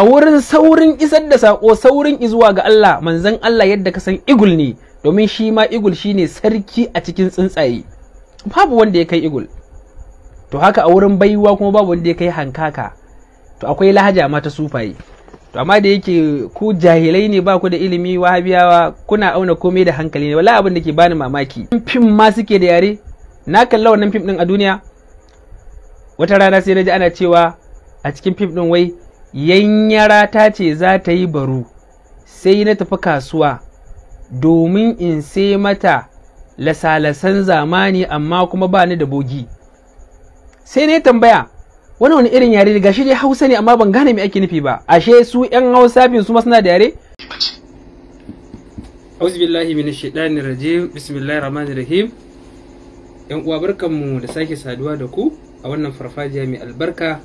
a wurin saurin isar da saƙo saurin izuwa ga Allah manzon Allah yadda ka san igul ne domin shi ma igul shine sarki a cikin tsuntsaye babu wanda ya kai igul to haka a wurin baiwa kuma babu wanda ya kai hankaka to akwai lahaja ma ta sufaye to amma da yake ku jahilai ne ba ku da ilimi wahabiyawa kuna auna komai da hankali ne wala abin da ke bani mamaki fim ma suke da yare na kalla wannan fim din a duniya wata rana sai na ji ana cewa a cikin fim din wai yanyara ta ce za ta yi baro sai na tafi kasuwa domin in sai mata lasalasan zamani amma kuma ba ni da bogi sai na tambaya wani wani irin yare ga shi dai hausa ne amma ban gane me ake nufi ba ashe su yan hausa bin su masana da yare auzu billahi minash shaitanir rajim bismillahir rahmanir rahim yan uwa barkan mu da sake saduwa da ku a wannan farfajiya mai albarka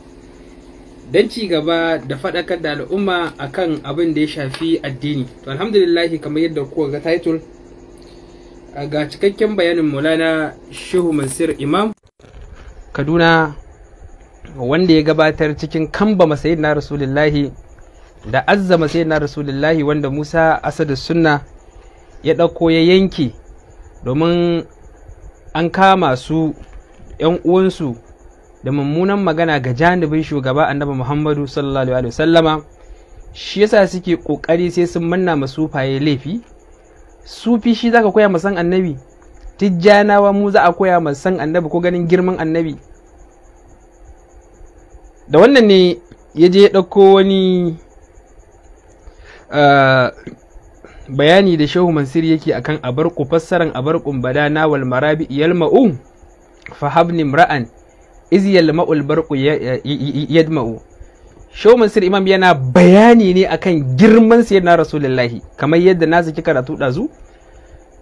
Dan ci gaba da faɗakar da al'umma akan abin da ya shafi addini to alhamdulillahi kamar yadda kuka ga title ga cikakken bayanin maulana shehu mansur imam kaduna wanda ya gabatar cikin kamba masayid na rasulullahi da azza masayid na rasulullahi wanda musa asadu sunna ya ɗauko ya yanki domin an kama su 'yan uwansu da mummunan magana ga janibin shugaba annabi muhammadu sallallahu alaihi wasallama shi yasa suke kokari sai sun manna ma sufaye laifi sufi shi zaka koya ma san annabi tijjanawa mu za a koya ma annabi ko ganin girman annabi da wannan ne ya je ya ɗauko wani ah, bayani da shehu mansiri yake akan abarku fassaran abarkun bada nawal marabi iyal ma'u fahabni mra'an iz yalma'ul barqu yadma'u Shehu Mansur Imam yana bayani ne akan girman na Rasulullahi kamar yadda na zaki karatu dazu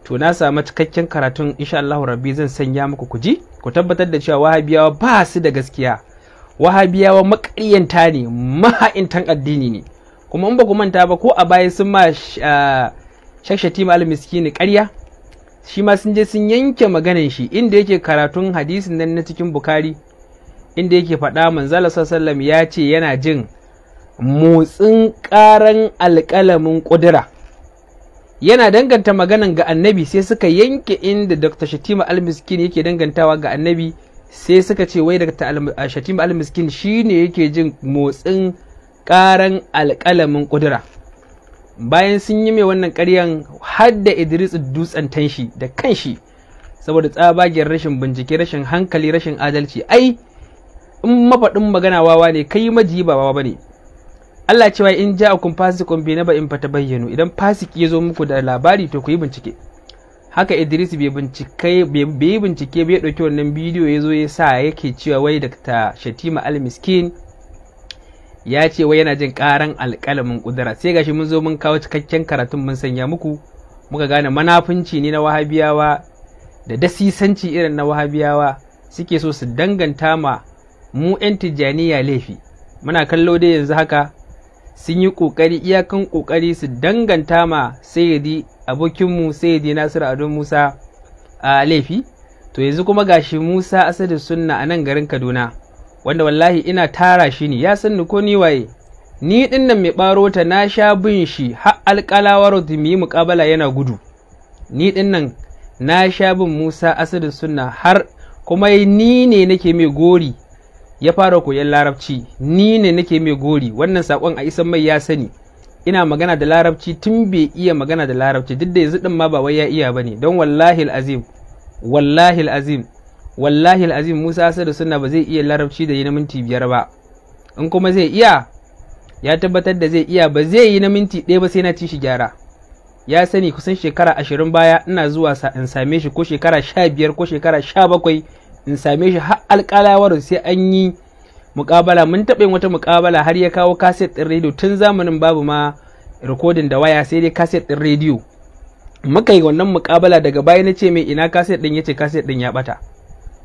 to na samu cikakken karatun insha Allah rabbi zan sanya muku kuji ku tabbatar da cewa wahabiyawa ba su da gaskiya wahabiyawa makaryanta ne maha'intan addini ne kuma in ba ku manta ba ko a baya sun ma ah, shakshati miskini ƙarya shi ma sun je sun yanke maganan shi inda yake karatun hadisin nan na cikin bukari inda yake faɗa manzala sallam ya ce yana jin motsin ƙaran alƙalamin ƙudura yana danganta maganan ga annabi sai suka yanke inda dr shatima almiskin yake dangantawa ga annabi sai suka ce wai dr shatima almiskin shine yake jin motsin ƙaran alƙalamin ƙudura bayan sun yi mai wannan ƙaryan hadda idris dutsen tanshi da kanshi saboda tsabagen rashin bincike rashin hankali rashin adalci ai in mafaɗin magana wawa ne kai maji ba wawa bane Allah cewa in ja ja'akum fasiqun bi fata bayyano idan fasiki ya zo muku da labari to ku yi bincike haka Idris bai bincike bai bincike bai dauki wannan bidiyo ya zo ya sa yake cewa wai Dr. Shatima Al-Miskin ya ce wai yana jin karan alƙalamin kudura sai gashi mun zo mun kawo cikakken karatun mun sanya muku muka gane manafinci ne na wahabiyawa da dasisanci irin na wahabiyawa suke so su danganta ma mu 'yan tijjaniya laifi muna kallo dai yanzu haka sun yi ƙoƙari iyakan ƙoƙari su danganta ma sayyidi abokinmu sayyidi nasiru adon musa a laifi to yanzu kuma gashi musa asadu sunna a nan garin kaduna wanda wallahi ina tara shi ne ya san ni ko ni waye ni din nan mai ɓarota na sha bin shi har da mu yi muƙabala yana gudu ni din na sha bin musa asadu sunna har kuma ni ne nake mai gori ya fara koyon larabci ni ne nake mai gori wannan sakon a isan mai ya sani ina magana da larabci tun bai iya magana da larabci duk da yanzu din ma ba wai ya iya bane don wallahi azim wallahi azim wallahi azim Musa da suna ba zai iya larabci da yi na minti biyar ba in kuma zai iya ya tabbatar da zai iya ba zai yi na minti ɗaya ba sai na ci shi gyara ya sani kusan shekara ashirin baya ina zuwa sa in same shi ko shekara sha biyar ko shekara sha bakwai in same shi har alƙalawar sai an yi muƙabala mun taɓa yin wata muƙabala har ya kawo kaset ɗin rediyo tun zamanin babu ma rikodin da waya sai dai kaset ɗin rediyo muka yi wannan muƙabala daga baya na ce mai ina kaset ɗin ya ce kaset ɗin ya ɓata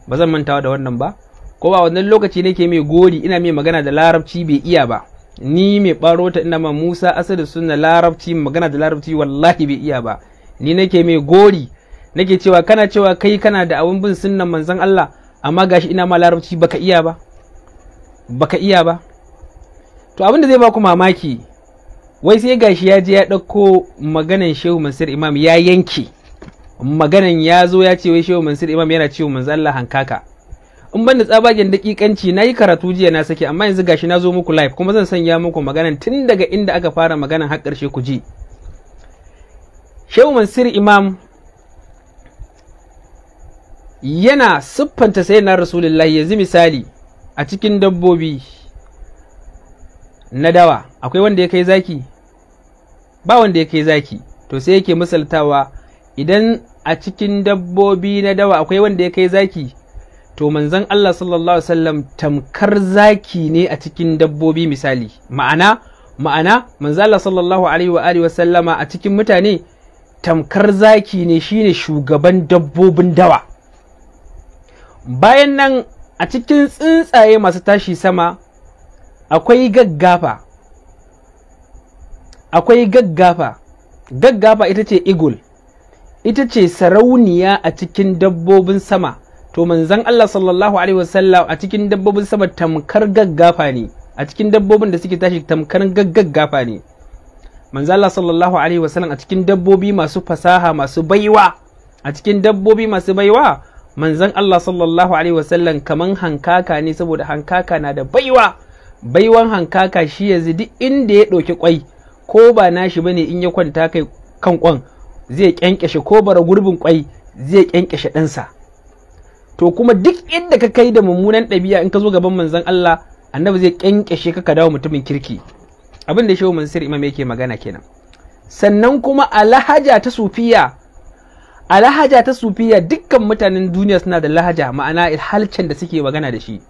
ba zan mantawa da wannan ba ko ba wannan lokaci nake mai gori ina mai magana da larabci bai iya ba ni mai ɓarota ina ma musa asali suna larabci magana da larabci wallahi bai iya ba ni nake mai gori nake cewa kana cewa kai kana da abun bin sunnan manzon Allah amma gashi ina ma larabci baka iya ba baka iya ba to abin da zai baku mamaki wai sai gashi ya je ya ɗauko maganan shehu mansur imam ya yanke maganan ya zo ya ce wai shehu mansur imam yana cewa manzon Allah hankaka in ban da tsabagen dakikanci na yi karatu jiya na sake amma yanzu gashi na zo muku live kuma zan sanya muku maganan tun daga inda aka fara maganan har ƙarshe ku ji shehu mansur imam yana siffanta sai na rasulullahi yanzu misali a cikin dabbobi na dawa akwai wanda ya kai zaki ba wanda ya kai zaki to sai yake misaltawa idan a cikin dabbobi na dawa akwai wanda ya kai zaki to manzon Allah sallallahu alaihi wasallam tamkar zaki ne a cikin dabbobi misali ma'ana ma'ana manzon Allah sallallahu alaihi wa alihi wasallama a cikin mutane tamkar zaki ne shine shugaban dabbobin dawa bayan nan a cikin tsuntsaye masu tashi sama akwai gaggafa akwai gaggafa gaggafa ita ce igul ita ce sarauniya a cikin dabbobin sama to manzan Allah sallallahu alaihi wasallam a cikin dabbobin sama tamkar gaggafa ne a cikin dabbobin da suke tashi tamkar gaggafa ne manzan Allah sallallahu alaihi wasallam a cikin dabbobi masu fasaha masu baiwa a cikin dabbobi masu baiwa Manzan Allah sallallahu alaihi wasallam kaman hankaka ne saboda hankaka na da baiwa baiwan hankaka shi yanzu duk inda ya ɗauki kwai ko ba nashi ne in ya kwanta kai kan kwan zai kyankyashe ko bara gurbin kwai zai kyankyashe ɗansa to kuma duk inda ka kai da mummunan ɗabi'a in ka zo gaban Manzan Allah annabi zai kyankyashe ka ka dawo mutumin kirki abin da shehu mansur imam yake magana kenan sannan kuma a lahaja ta sufiya a lahaja ta sufiya dukkan mutanen duniya suna da lahaja ma'ana halcin da suke magana da shi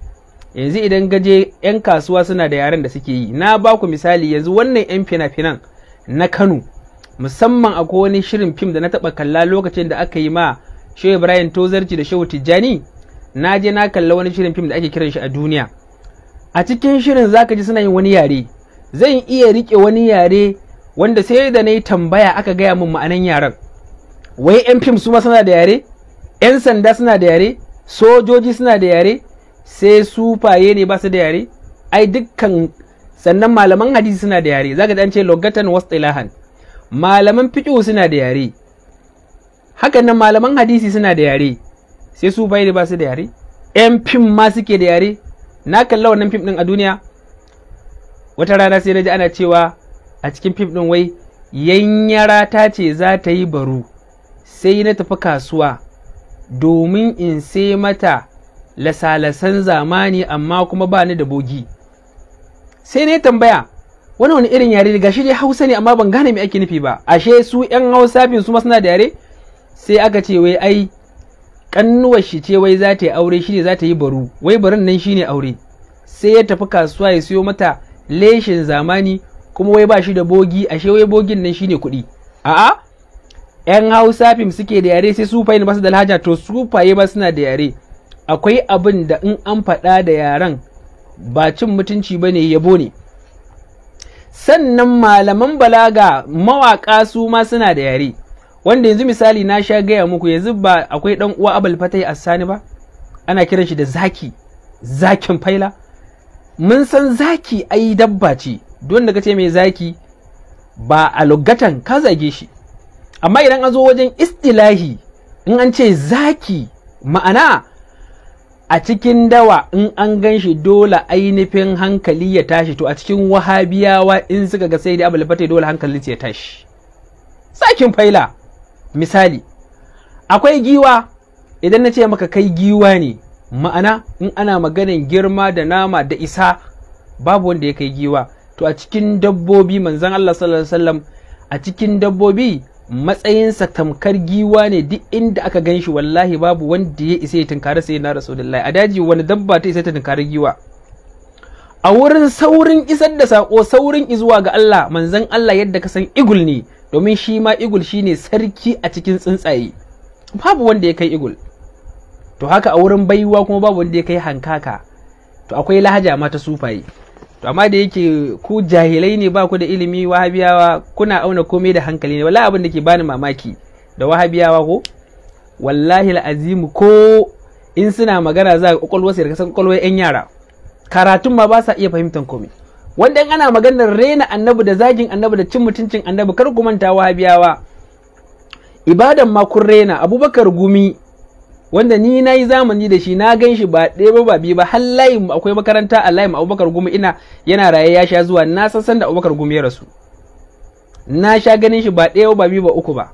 yanzu idan gaje 'yan kasuwa suna da yaren da suke yi na ba ku misali yanzu wannan 'yan fina-finan na kano musamman akwai wani shirin fim da na taba kalla lokacin da aka yi ma shehu ibrahim tozarci da shehu tijjani na je na kalla wani shirin fim da ake kiran shi a duniya a cikin shirin zaka ji suna yin wani yare zan iya rike wani yare wanda sai da na yi tambaya aka gaya min ma'anan yaren wai yan fim su ma suna da yare yan sanda suna da yare sojoji suna da yare sai su faye ne ba su da yare ai dukkan sannan malaman hadisi suna da yare zaka dan ce logatan ilahan malaman fiqh suna da yare haka nan malaman hadisi suna da yare sai su faye ne ba su da yare yan fim ma suke da yare na kalla wannan fim din a duniya wata rana sai na ji ana cewa a cikin fim din wai yanyara ta ce za ta yi baro sai na tafi kasuwa domin in sai mata lasalasan zamani amma kuma ba ni da bogi sai na tambaya wani wani irin yare ga shi dai hausa ne amma ban gane me ake nufi ba ashe su yan hausa bin su suna da yare sai aka ce wai ai kannuwar shi ce wai za ta yi aure shi ne za ta yi baru wai barin nan shi ne aure sai ya tafi kasuwa ya siyo mata leshin zamani kuma wai ba shi da bogi ashe wai bogin nan shi ne kuɗi a'a 'yan hausa fim suke da yare sai sufaye ba su da lahaja to sufaye ba suna da yare akwai abin da in an faɗa da yaren ba cin mutunci ba ne yabo ne sannan malaman balaga mawaƙa su ma suna da yare wanda yanzu misali na sha gaya muku yanzu ba akwai ɗan uwa abul fatai assani ba ana kiran shi da zaki zakin faila mun san zaki ai dabba ce don da ce mai zaki ba a lugatan ka zage shi amma idan an zo wajen istilahi in an ce zaki ma'ana a cikin dawa in an gan shi dole ainihin hankali ya tashi to a cikin wahabiyawa in suka ga sai da abu lafate dole hankali ya tashi sakin faila misali akwai giwa idan na ce maka kai giwa ne ma'ana in ana maganin girma da nama da isa babu wanda ya kai giwa to a cikin dabbobi manzan Allah sallallahu alaihi wasallam a cikin dabbobi matsayinsa tamkar giwa ne duk inda aka gan shi wallahi babu wanda ya isa ya tunkari sai na rasulullahi a daji wani dabba ta isa ta tunkari giwa a wurin saurin isar da sako saurin izuwa ga Allah manzon Allah yadda ka san igul ne domin shi ma igul ne sarki a cikin tsuntsaye babu wanda ya kai igul to haka a wurin baiwa kuma babu wanda ya kai hankaka to akwai lahaja ma ta sufaye to amma da yake ku jahilai ne ba ku da ilimi wahabiyawa kuna auna komai da hankali ne wallahi abin da ke bani mamaki da wahabiyawa ko wallahi al'azimu ko in suna magana za ga kokolwa sai san kokolwa yan yara karatun ma ba sa iya fahimtar komai wanda ana maganar rena annabi da zagin annabi da cin mutuncin annabi kar ku manta wahabiyawa ibadan ma kun rena abubakar gumi wanda ni na yi zamani da shi na gan shi ba ɗaya ba ba biyu ba har layin akwai makaranta a layin abubakar gumi ina yana raye ya sha zuwa na san san da abubakar gumi ya rasu na sha ganin shi ba ɗaya ba biyu ba uku ba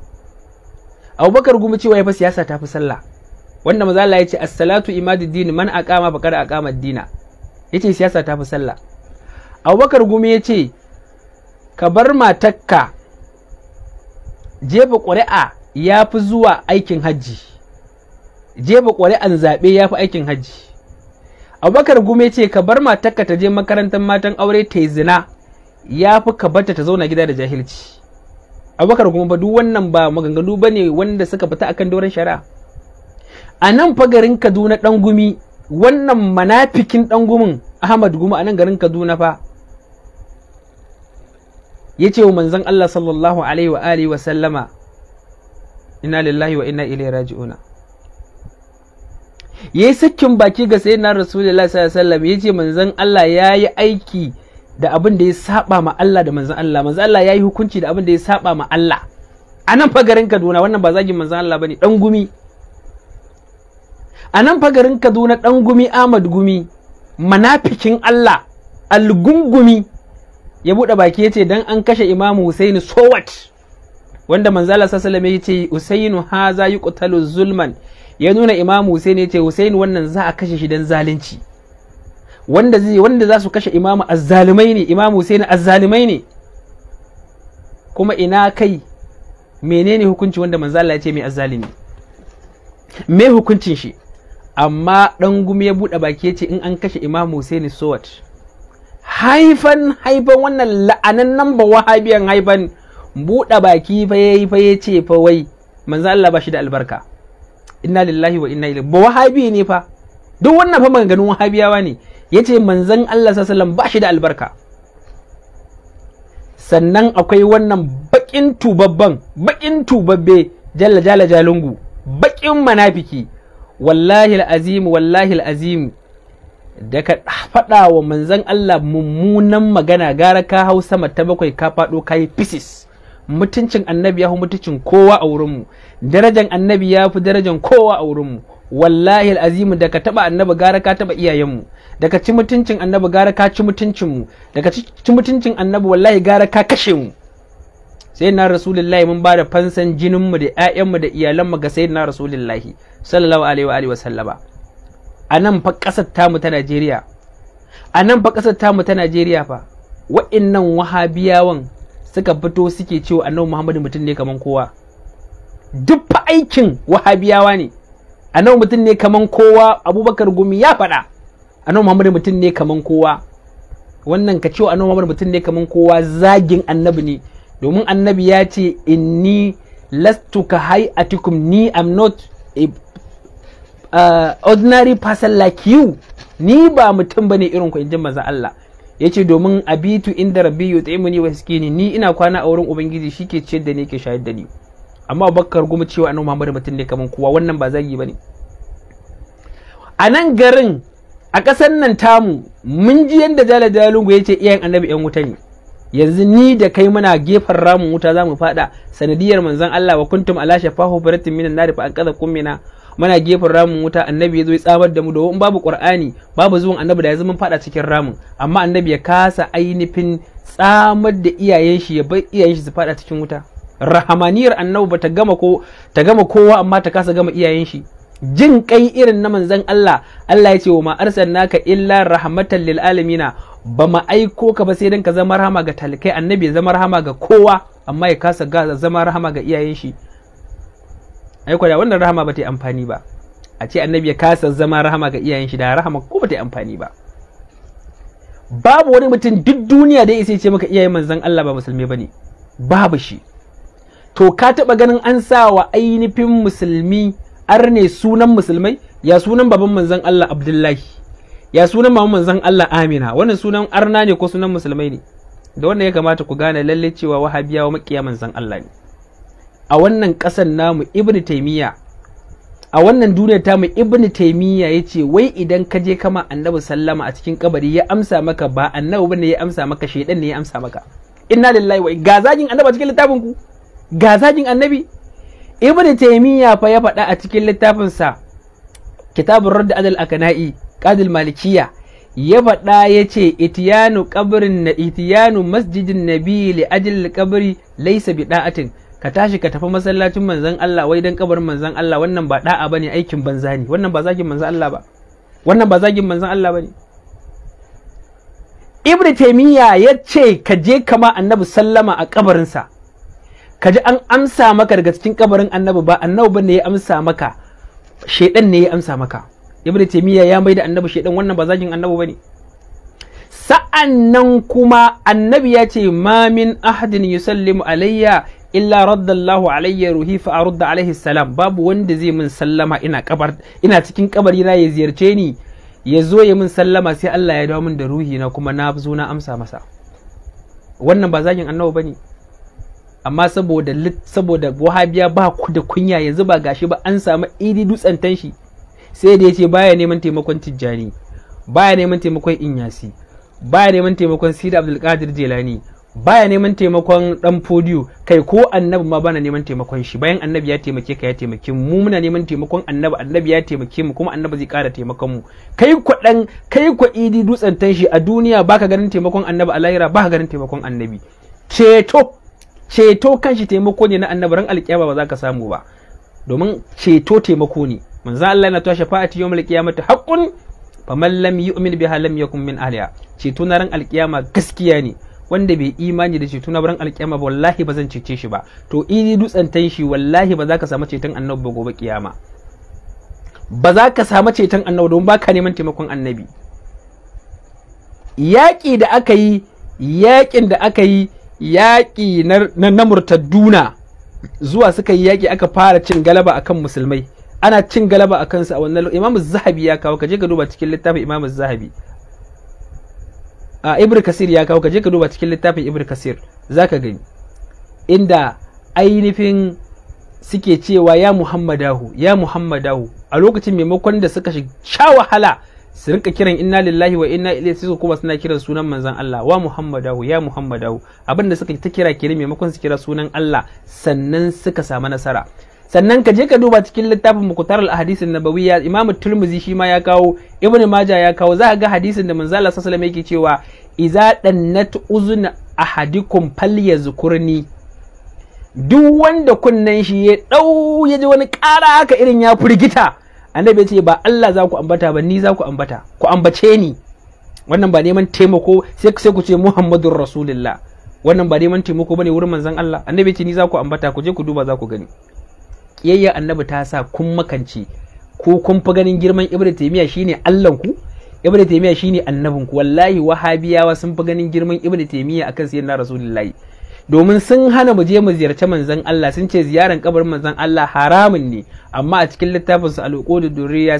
abubakar gumi cewa ya fa siyasa ta fi sallah wanda maza Allah ya ce as-salatu imadu dini man aqama faqad aqama ad-dina yace siyasa ta fi sallah abubakar gumi ya ce ka bar matakka jefa ƙuri'a ya fi zuwa aikin hajji jefa ƙuri'an zaɓe ya fi aikin hajji abubakar gume ce ka bar matarka ta je makarantar matan aure ta yi zina ya fi ka bata ta zauna gida da jahilci abubakar gume ba duk wannan ba maganganu ba ne wanda suka fita akan doron shari'a a nan fa garin kaduna ɗan gumi wannan manafikin ɗan gumin ahmad gumi a nan garin kaduna fa ya ce wa manzon allah sallallahu alaihi wa alihi wa sallama ina lillahi wa inna ilaihi raji'una ya yi sakin baki ga na rasulullahi sallallahu alaihi wasallam ya ce manzon Allah ya yi aiki da abin da ya saba ma Allah da manzon Allah manzon Allah ya yi hukunci da abin da ya saba ma Allah a nan fagarin Kaduna wannan ba zagin manzon Allah bane dan gumi a nan fagarin Kaduna dan gumi Ahmad gumi manafikin Allah algungumi ya buɗe baki ya ce dan an kashe imamu Husaini so what wanda manzala sallallahu alaihi wasallam ya ce Husainu haza yuqtalu zulman ya nuna imamu Hussein ya ce Hussein wannan za a kashe shi dan zalunci wanda zai wanda za su kashe imamu azzalimai ne imamu Hussein azzalimai ne kuma ina kai menene hukunci wanda manzo ya ce mai azzalimi me hukuncin shi amma dan gumi ya bude baki ya ce in an kashe imamu Hussein so what haifan haifan wannan la'anan nan ba wahabiyan haifan buɗe baki fa yayi fa ce fa wai manzo Allah ba shi da albarka inna lillahi wa inna ilaihi wahabi ne fa duk wannan fa maganganun wahabiyawa ne yace manzon Allah sallallahu ba shi da albarka sannan akwai wannan bakin tubabban bakin tubabbe jalla jalla jalungu bakin manafiki wallahi al'azim wallahi al'azim da ka faɗa wa manzon Allah mummunan magana gara ka hau sama ta bakwai ka faɗo ka yi fisis mutuncin annabi ya fi mutuncin kowa a wurinmu darajan annabi ya fi darajan kowa a wurinmu wallahi azimu da ka taba annabi gara ka taba iyayenmu da ka ci mutuncin annabi gara ka ci mutuncinmu da ka ci mutuncin annabi wallahi gara ka kashe mu sai na rasulullahi mun bada fansan jininmu da 'ya'yanmu da iyalanmu ga na rasulullahi sallallahu alaihi wa alihi wa sallama a nan fa ƙasar tamu ta Najeriya a nan fa ƙasar tamu ta Najeriya fa wa'innan wahabiyawan suka fito suke cewa annabi muhammadu mutum ne kaman kowa duk fa aikin wahabiyawa ne annabi mutum ne kaman kowa abubakar gumi ya faɗa annabi muhammadu mutum ne kaman kowa wannan ka cewa annabi muhammadu mutum ne kaman kowa zagin annabi ne domin annabi ya ce inni lastu ka atikum, ni am not a uh, ordinary person like you ni ba mutum bane irin ku in ji maza Allah Ya ce domin abitu inda rabbi yut'imuni wa yaskini ni ina kwana a wurin ubangiji shike ciyar da ni yake shayar da ni amma bakar goma cewa annabi Muhammad mutum ne kaman kowa wannan ba zagi bane a nan garin a ƙasar nan tamu mun ji yadda jala jalungu ya ce iyayen annabi yan wuta ne yanzu ni da kai muna gefen ramin wuta za mu faɗa sanadiyar manzon Allah wa kuntum ala shafahu baratin minan nari fa an kaza kummina muna gefen ramin wuta annabi ya zo ya tsamar da mu domin babu qur'ani babu zuwan annabi da ya zama fada cikin ramin amma annabi ya kasa ainihin tsamar da iyayen shi ya bar iyayen shi su fada cikin wuta rahamaniyar annabi bata gama ta gama kowa amma ta kasa gama iyayen shi jin kai irin na manzon Allah Allah ya ce wa ma arsalnaka illa rahmatan lil alamina ba ma aiko ka ba sai dan ka zama rahama ga talikai annabi ya zama rahama ga kowa amma ya kasa ga zama rahama ga iyayen shi ai da wannan rahama ba ta yi amfani ba a ce annabi ya kasa zama rahama ga iyayen shi da rahama ko ba ta yi amfani ba babu wani mutum duk duniya da ya ce maka iyayen manzon Allah ba musulmi bane babu shi to ka taba ganin an sa wa ainihin musulmi arne sunan musulmai ya sunan baban manzon Allah Abdullahi ya sunan mamun manzon Allah Amina wannan sunan arna ne ko sunan musulmai ne da wannan ya kamata ku gane lalle cewa wahabiyawa makiya manzon Allah ne a wannan ƙasar namu ibn taimiyya a wannan ta mu ibn taimiyya ya ce wai idan ka je kama annabi sallama a cikin kabari ya amsa maka ba annabi bane ya amsa maka shaidan ne ya amsa maka inna lillahi wa ga zagin annabi a cikin littafin ku ga zagin annabi ibn taimiyya fa ya faɗa a cikin littafinsa kitabun radd adal akana'i qadil malikiyya ya faɗa ya ce itiyanu qabrin na itiyanu masjidin nabi li ajli qabri laysa da'atin ka tashi ka tafi masallacin manzon Allah wai dan kabarin manzon Allah wannan ba da'a bane aikin banza ne wannan ba zagin manzon Allah ba wannan ba zagin manzon Allah bane Ibn Taymiyyah ya ce ka je kama Annabi sallama a sa ka ji an amsa maka daga cikin kabarin Annabi ba Annabi bane ya amsa maka shedan ne ya amsa maka Ibn Taymiyyah ya maida Annabi shedan wannan ba zagin Annabi bane sa'an nan kuma annabi ya ce mamin ahadin yusallimu alayya illa raddallahu alayya ruhi fa arudda alayhi salam babu wanda zai min sallama ina kabar ina cikin kabari na ya ziyarce ni ya zo ya min sallama sai Allah ya dawo min da ruhi na kuma na zo na amsa masa wannan ba zagin annabi bane amma saboda saboda wahabiya ba ku da kunya yanzu ba gashi ba an samu idi dutsen shi sai da yace baya neman taimakon tijjani baya neman taimakon inyasi baya neman taimakon sida abdulkadir Jilani. baya neman taimakon dan podiyo kai ko annabi ma bana neman taimakon shi bayan annabi ya taimake ka ya taimake mu muna neman taimakon annabi annabi ya taimake mu kuma annabi zai kara taimakon mu kai ku dan kai ku idi dutsen tanshi a duniya baka ganin taimakon annabi a lahira baka ganin taimakon annabi ceto ceto kanshi taimako ne na annabi ran alkiyama ba za ka samu ba domin ceto taimako ne manzo Allah yana tashi shafa'ati yawmul qiyamati haqqun faman lam yu'min biha lam yakun min ahliha ceto na ran alkiyama gaskiya ne wanda bai imani da ceto na baran alkiyama ba wallahi ba zan cece shi ba to idi dutsantan shi wallahi ba za ka samu ceton annabi ba gobe kiyama ba za ka samu ceton annabi don ba ka neman taimakon annabi yaƙi da aka yi yaƙin da aka yi yaƙi na murtadduna zuwa suka yi yaƙi aka fara cin galaba akan musulmai ana cin galaba a sa a wannan imamu zahabi ya kawo ka je ka duba cikin littafin imamu zahabi a ibn kasir ya kawo kaje ka duba cikin littafin ibri kasir zaka gani inda ainihin suke cewa ya muhammadahu ya muhammadahu a lokacin maimakon da suka sha wahala su rinka kiran inna lillahi wa inna ilaihi sai kuma suna kiran sunan manzon Allah wa muhammadahu ya muhammadahu abin suka ta kira kenan maimakon su kira sunan Allah sannan suka samu nasara sannan ka je ka duba cikin littafin mukutar al-hadisin nabawiyya imamu turmuzi shi ma ya kawo ibn majah ya kawo za ga hadisin da manzala sallallahu mai yake cewa iza dannat uzun ahadikum falyazkurni duk wanda kunnen shi ya dau ya ji wani ƙara haka irin ya firgita annabi ya ce ba Allah za ku ambata ba ni za ku ambata ku ambace ni wannan ba neman taimako sai sai ku ce Muhammadur Rasulullah wannan ba neman taimako bane wurin manzon Allah annabi ya ce ni za ku ambata ku je ku duba za ku gani kiyayya annabi ta sa kun makance ko kun fi ganin girman ibnu taymiya shine allan ku ibnu taymiya shine annabin ku wallahi wahabiyawa sun fi ganin girman ibnu taymiya akan sayyidina rasulullahi domin sun hana mu je mu ziyarci manzon Allah sun ce ziyaran kabarin manzon Allah haramun ne amma a cikin littafin su al-uqud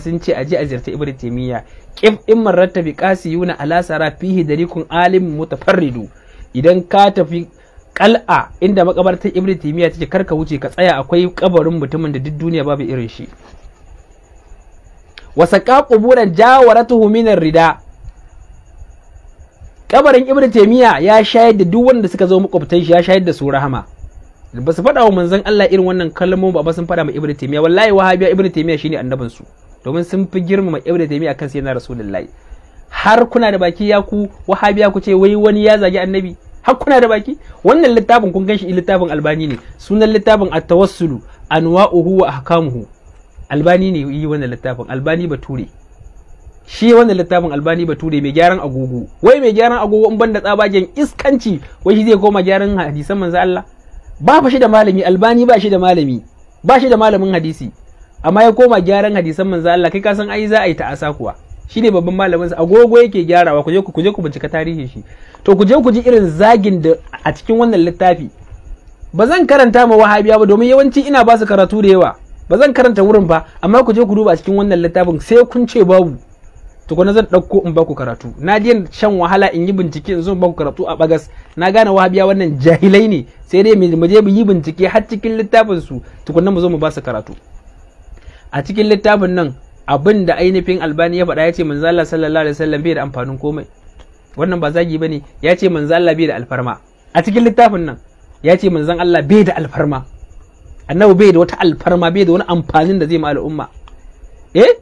sun ce aje a ziyarci ibnu taymiya kif in marratta bi qasiyuna ala sara fihi dalikun alim mutafarridu idan ka tafi kal'a inda makabartar ibn timiya take karka wuce ka tsaya akwai kabarin mutumin da duk duniya babu irin shi wasaka quburan jawaratuhu minar rida kabarin ibn timiya ya shayar da duk wanda suka zo makwabtan shi ya shayar da su rahama ba su faɗa wa manzon Allah irin wannan kalmomin ba sun faɗa ma ibn timiya wallahi wahabiya ibn timiya shine annabin su domin sun fi girmama ibn timiya kan sai na rasulullahi har kuna da baki ya ku wahabiya ku ce wai wani ya zagi annabi har kuna da baki wannan littafin kun ganshi littafin albani ne sunan littafin at-tawassulu anwa'uhu wa ahkamuhu albani ne yi wannan littafin albani bature shi wannan littafin albani bature mai gyaran agogo wai mai gyaran agogo in banda tsabagen iskanci wai shi zai koma gyaran hadisan manzo Allah ba fa shi da malami albani ba shi da malami ba shi da malamin hadisi amma ya koma gyaran hadisan manzo Allah kai ka san ai za a yi ta asa kuwa Shi ne babban malamin sa agogo yake gyarawa ku je ku je ku bincika tarihin shi to ku je ku ji irin zagin da a cikin wannan littafi ba zan karanta ma wahabiya ba domin yawanci ina ba su karatu da yawa ba zan karanta wurin ba amma ku je ku duba a cikin wannan littafin sai kun ce babu tukuna zan ɗauko in baku karatu na ji shan wahala in yi bincike in zan ba baku karatu a bagas na gane wahabiya wannan jahilai ne sai dai mu je mu yi bincike har cikin littafin su tukuna mu zo mu ba su karatu a cikin littafin nan abin da ainihin albani ya faɗa ya ce manzala sallallahu alaihi wasallam bai da amfanin komai wannan ba zagi bane ya ce manzala bai da alfarma a cikin littafin nan ya ce manzan Allah bai da alfarma annabi bai da wata alfarma bai da wani amfanin da zai ma al'umma eh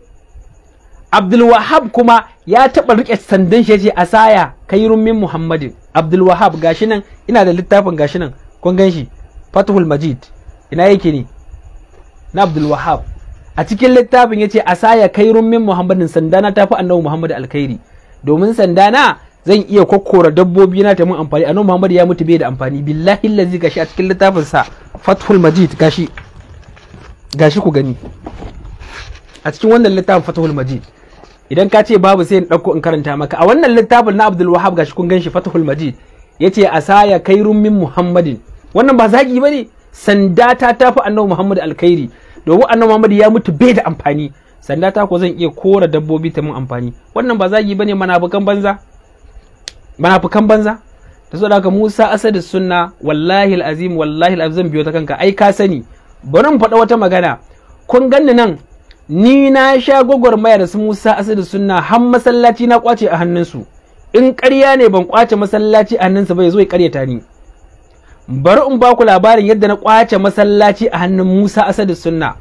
Abdulwahab kuma ya taɓa riƙe sandan shi ya ce asaya kairun min Muhammadin Abdul Wahab gashi nan ina da littafin gashi nan kun gan shi Fathul Majid ina yake ne na Abdulwahab. a cikin littafin ya ce yace asaya kai min muhammadin sandana fi annabi Muhammadu alkhairi domin sandana zan iya kokkora dabbobi na ta mun amfani annabi Muhammadu ya mutu bai da amfani billahi lazi gashi a cikin littafin sa fathul majid gashi gashi ku gani a cikin wannan littafin fathul majid idan ka ce babu sai in dauko in karanta maka a wannan littafin na abdul wahab gashi kun ganshi fathul majid yace ya kai min muhammadin wannan ba zagi bane sanda ta tafi annabi Muhammadu alkhairi domin annabi Muhammad ya mutu bai da amfani sanda ta ko zan iya kora dabbobi ta mun amfani wannan ba zagi bane manafukan banza manafukan banza da saboda haka Musa asadi sunna wallahi alazim wallahi alazim biyo ta kanka ai ka sani bari mu faɗa wata magana kun ganni nan ni na sha gwagwarmaya da su Musa asadi sunna har masallaci na kwace a hannunsu in ƙarya ne ban kwace masallaci a hannunsu bai yazo ya ƙaryata ni bari in baku labarin yadda na kwace masallaci a hannun Musa Asadu Sunna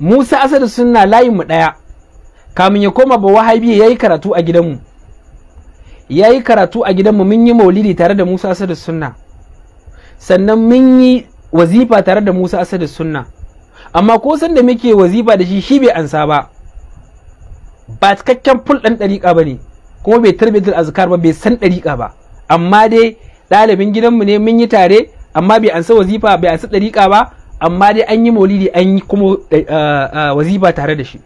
Musa Asadu Sunna layin mu daya kamin ya koma ba wahabi yayi karatu a gidanmu yayi karatu a gidanmu mun yi maulidi tare da Musa Asadu Sunna sannan mun yi wazifa tare da Musa Asadu Sunna amma ko san da muke wazifa da shi shi bai ansa ba ba cikakken ful ɗan ɗariƙa ba ne kuma bai tarbiyatul azkar ba bai san dariƙa ba amma dai ɗalibin gidanmu ne mun yi tare amma bai ansa wazifa bai ansa ɗariƙa ba amma dai an yi maulidi an yi kuma eh, eh, wazifa tare da shi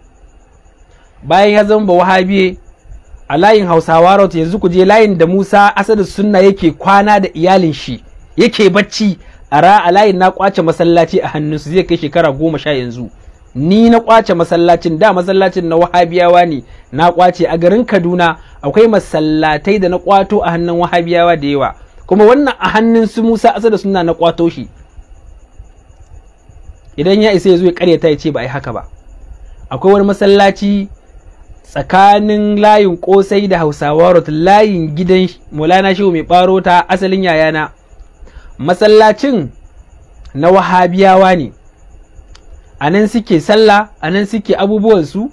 bayan ya zama ba wahabi a layin hausawa rot yanzu ku je layin da musa asadu sunna yake kwana da iyalin shi yake bacci a ra a layin na kwace masallaci a hannunsu zai kai shekara goma sha yanzu ni na kwace masallacin da masallacin na wahabiyawa ne na kwace a garin kaduna akwai masallatai da na kwato a hannun wahabiyawa da yawa kuma wannan a hannun su Musa asada suna na kwato shi idan ya isa ya zo ya karyata ya ce ba a yi haka ba akwai wani masallaci tsakanin layin kosai da hausawa rot layin gidan mulana shehu mai baro ta asalin yayana masallacin na wahabiyawa ne a nan suke sallah a nan suke abubuwansu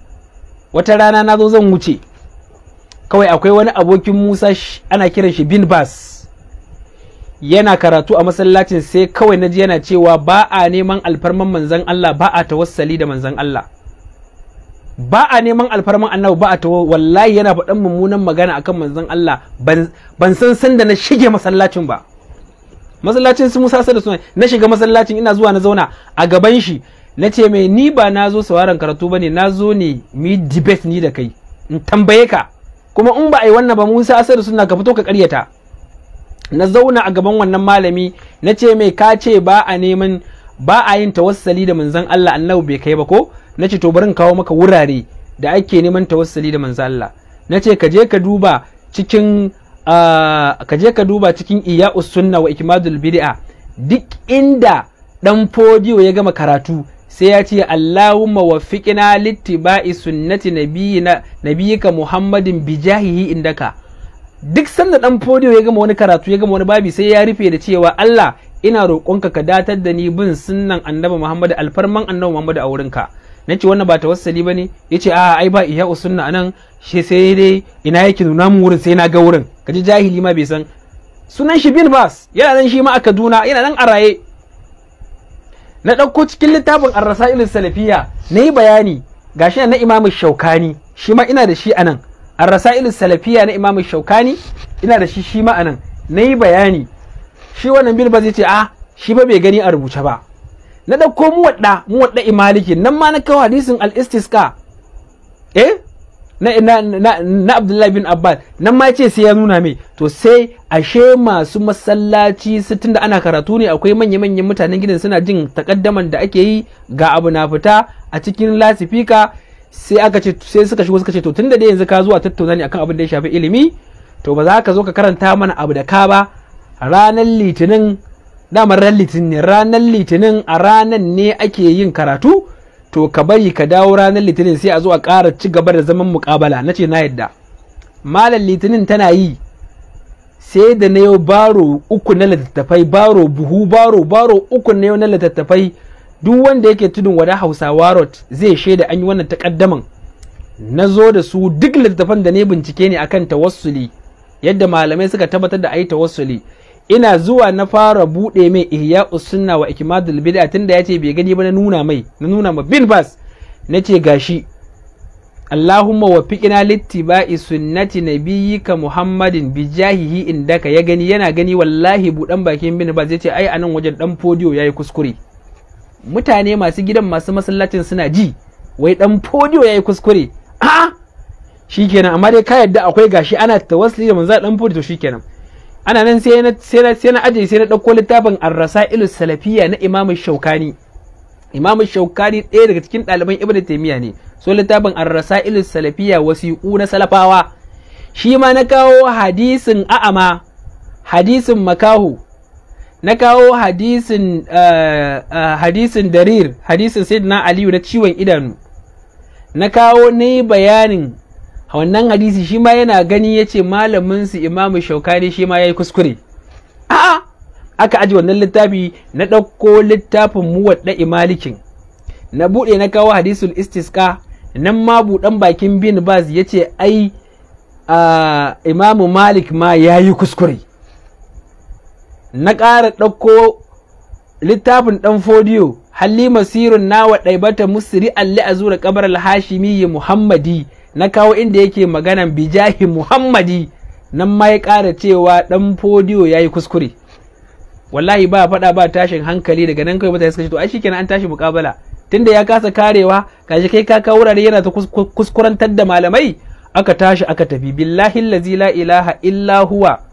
wata rana nazo zan wuce kawai akwai wani abokin musa ana kiran shi bin bas yana karatu a masallacin sai kawai naji yana cewa ba a neman alfarman manzan Allah ba a tawassali da manzan Allah ba a neman alfarman annabi ba a tawo wallahi yana faɗan mummunan magana akan manzan Allah ban san da na shige masallacin ba masallacin su Musa da suna na shiga masallacin ina zuwa na zauna a gaban shi na ce mai ni ba na zo sauraron karatu ba ne na zo ne mu debate ni da kai in tambaye ka kuma in ba a yi wannan ba Musa Asadu suna ka fito ka karyata na zauna a gaban wannan malami na ce mai ka ce ba a neman ba a yin tawassali da manzan Allah annabi bai kai ba ko na ce to barin kawo maka wurare da ake neman tawassali da manzan Allah na ce ka je ka duba cikin ka je ka duba cikin iya'us sunna wa ikmadul bid'a duk inda dan fodiyo ya gama karatu sai ya ce Allahumma waffiqna littiba'i sunnati nabiyina nabiyyika Muhammadin bijahihi indaka duk sanda dan fodiyo ya gama wani karatu ya gama wani babi sai ya rufe da cewa Allah ina roƙonka ka datar da ni bin sunnan annabi Muhammad alfarman annabi Muhammad a wurinka na ce wannan ba tawassali bane yace a ai ba iya sunna anan shi sai dai ina yake nuna mu wurin sai na ga wurin kaji jahili ma bai san sunan shi bin bas yana nan shi ma a Kaduna yana nan a raye na ɗauko cikin littafin irin salafiya na yi bayani gashi na imamu shaukani shi ma ina da shi anan الرسائل السلفيه salafiyya na الشوكاني shaukani ina da shi shi ma'anan na yi bayani shi wannan bin ba ce "Ah, shi ba bai gani a rubuce ba na ɗauko mu wadda mu wadda imaliki nan ma na kawo hadisin al-istisqa eh na, na, Abdullahi bin Abbas nan ma yace sai ya nuna mai to sai ashe masu masallaci sittin da ana karatu ne akwai manya-manyan mutanen gidan suna jin takaddaman da ake yi ga abu na fita a cikin lasifika sai aka ce sai suka shigo suka ce to tunda dai yanzu ka zuwa tattauna ne akan abin da ya shafi ilimi to ba za ka zo ka karanta mana abu da ka ba ranar litinin damar ran litinin ne ranar litinin a ranar ne ake yin karatu to ka bari ka dawo ranar litinin sai a zo a ƙara ci gaba da zaman muƙabala na ce na yadda malam litinin tana yi sai da na yau baro uku na littattafai baro buhu baro baro uku na yau na littattafai duk wanda yake tudun wada hausawa rot zai shaida an yi wannan takaddaman na zo da su duk littafan da ne bincike ne akan tawassuli yadda malamai suka tabbatar da ayi tawassuli ina zuwa na fara buɗe mai ihya usunna wa ikmadul bid'a tunda yace bai gani ba na nuna mai na nuna ma bin bas nace gashi Allahumma wa fiqina littiba'i sunnati nabiyyika Muhammadin bi jahihi indaka ya gani yana gani wallahi buɗan bakin bin bas yace ce ai anan wajen dan fodiyo yayi kuskure mutane masu gidan masu masallacin suna ji wai dan fodiyo yi kuskure a shikenan amma dai ka yadda akwai gashi ana tawassuli da manzo dan Shi shikenan ana nan sai na sai na sai na aje sai na dauko littafin ar-rasailus salafiyya na Imam Shaukani Imam Shaukani ɗaya daga cikin ɗaliban Ibn taymiya ne so littafin ar-rasailus salafiyya wasiqu na salafawa shi ma na kawo hadisin a'ama hadisin makahu na kawo hadisin eh, eh, hadisin darir hadisin sayyidina aliyu na ciwon idanu na kawo ne bayanin wannan hadisi shi ma yana gani ya ce malaminsu imamu shaukani shi ma ya yi kuskure a'a aka aji wannan littafi na ɗauko littafin muwadda imalikin na buɗe na kawo hadisul istiska nan ma buɗan bakin bin baz ya ce ai ah, imamu malik ma ya yi kuskure na ƙara ɗauko littafin ɗan fodiyo halima sirun wa ɗaibata musiri alli a zura ƙabar alhashimi muhammadi na kawo inda yake maganan bijahi muhammadi nan ma ya ƙara cewa ɗan fodiyo ya yi kuskure wallahi ba faɗa ba tashin hankali daga nan kawai mutane suka ce to ai shikenan an tashi muƙabala tunda ya kasa karewa kashi kai ka kawo wurare yana ta kuskurantar da malamai aka tashi aka tafi billahi la ilaha illa huwa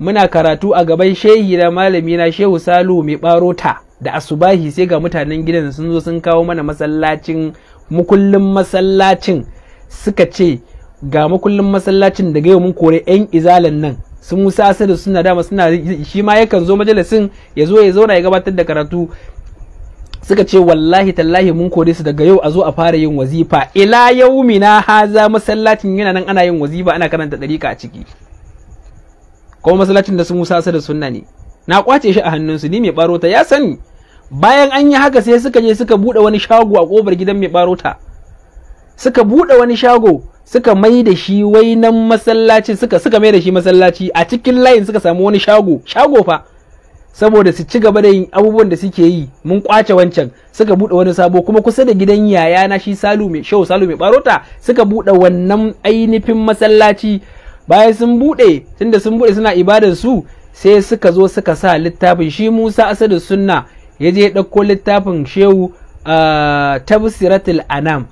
muna karatu a gaban shehi na malami na shehu salu mai barota da asubahi sai ga mutanen gidan sun zo sun kawo mana masallacin mukullin masallacin suka ce ga makullin masallacin da yau mun kore 'yan izalan nan sun musa asadu suna dama suna shi ma yakan zo majalisin ya zo ya zauna ya gabatar da karatu suka ce wallahi tallahi mun kore su daga yau a zo a fara yin wazifa ila yaumina haza masallacin yana nan ana yin wazifa ana karanta dariƙa a ciki kuma masallacin da su Musa sa da sunna ne na kwace shi a hannunsu ni mai barota ya sani bayan an yi haka sai suka je suka bude wani shago a kofar gidan mai barota suka bude wani shago suka mai da shi wai nan masallaci suka suka mai da shi masallaci a cikin layin suka samu wani shago shago fa saboda su ci gaba da yin abubuwan da suke yi mun kwace wancan suka bude wani sabo kuma kusa da gidan yayana shi salu mai shau salu mai barota suka bude wannan ainihin masallaci bayan sun buɗe tunda sun buɗe suna ibadar su sai suka zo suka sa littafin shi Musa Asadu Sunna ya je ɗauko littafin shehu tabsiratul anam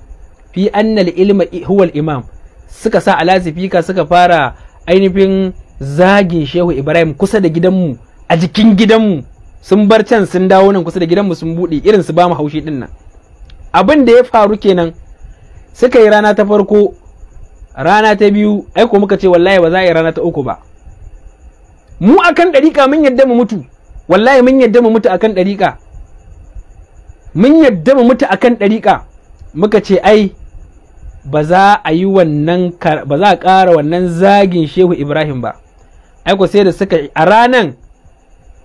fi annal ilma huwal imam suka sa alasifika suka fara ainihin zagin shehu Ibrahim kusa da gidanmu a jikin gidanmu sun bar can sun dawo nan kusa da gidanmu sun buɗe irin su ba mu haushi ɗin nan abin da ya faru kenan suka yi rana ta farko rana ta biyu aiko muka ce wallahi ba za a yi rana ta uku ba mu akan ɗariƙa mun yadda mu mutu wallahi mun yadda mu mutu akan ɗariƙa mun yadda mu mutu akan ɗariƙa muka ce ai ba za a yi wannan ba za a ƙara wannan zagin shehu ibrahim ba aiko sai da suka a ranan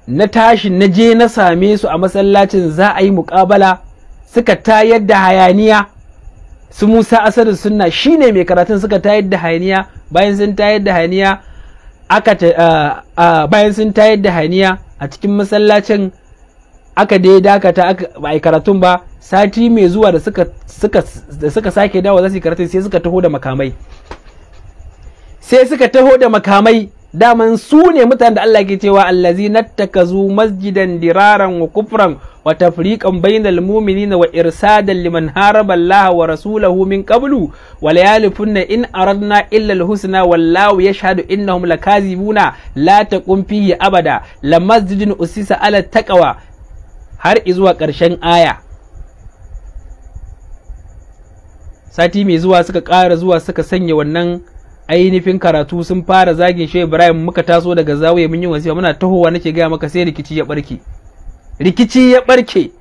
na tashi na je na same su a masallacin za a yi muƙabala suka tayar da hayaniya su Musa Asadu Sunna shine mai karatun suka tayar da hayaniya bayan sun tayar da hayaniya aka bayan sun tayar da a cikin masallacin aka dai dakata ba a karatun ba sati mai zuwa da suka sake dawo za su yi karatun sai suka taho sai suka taho da makamai daman su ne mutanen da Allah ke cewa allazi nattakazu masjidan diraran wa kufran wa tafriqan bainal mu'minina wa irsadan liman haraba Allah wa rasulahu min qablu wa layalifunna in aradna illa alhusna husna wallahu yashhadu innahum lakazibuna la taqum fihi abada la usisa ala taqwa har izuwa karshen aya sati mai zuwa suka ƙara zuwa suka sanya wannan ainihin karatu sun fara zagin shehu ibrahim muka taso daga zawiya mun yi wasiwa muna tahowa nake gaya maka sai rikici ya barke rikici ya barke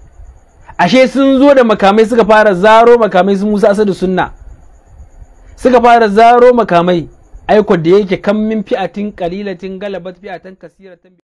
ashe sun zo da makamai suka fara zaro makamai su musa asadu sunna suka fara zaro makamai aiko da yake kan min fi'atin qalilatin galabat fi'atan kasiratan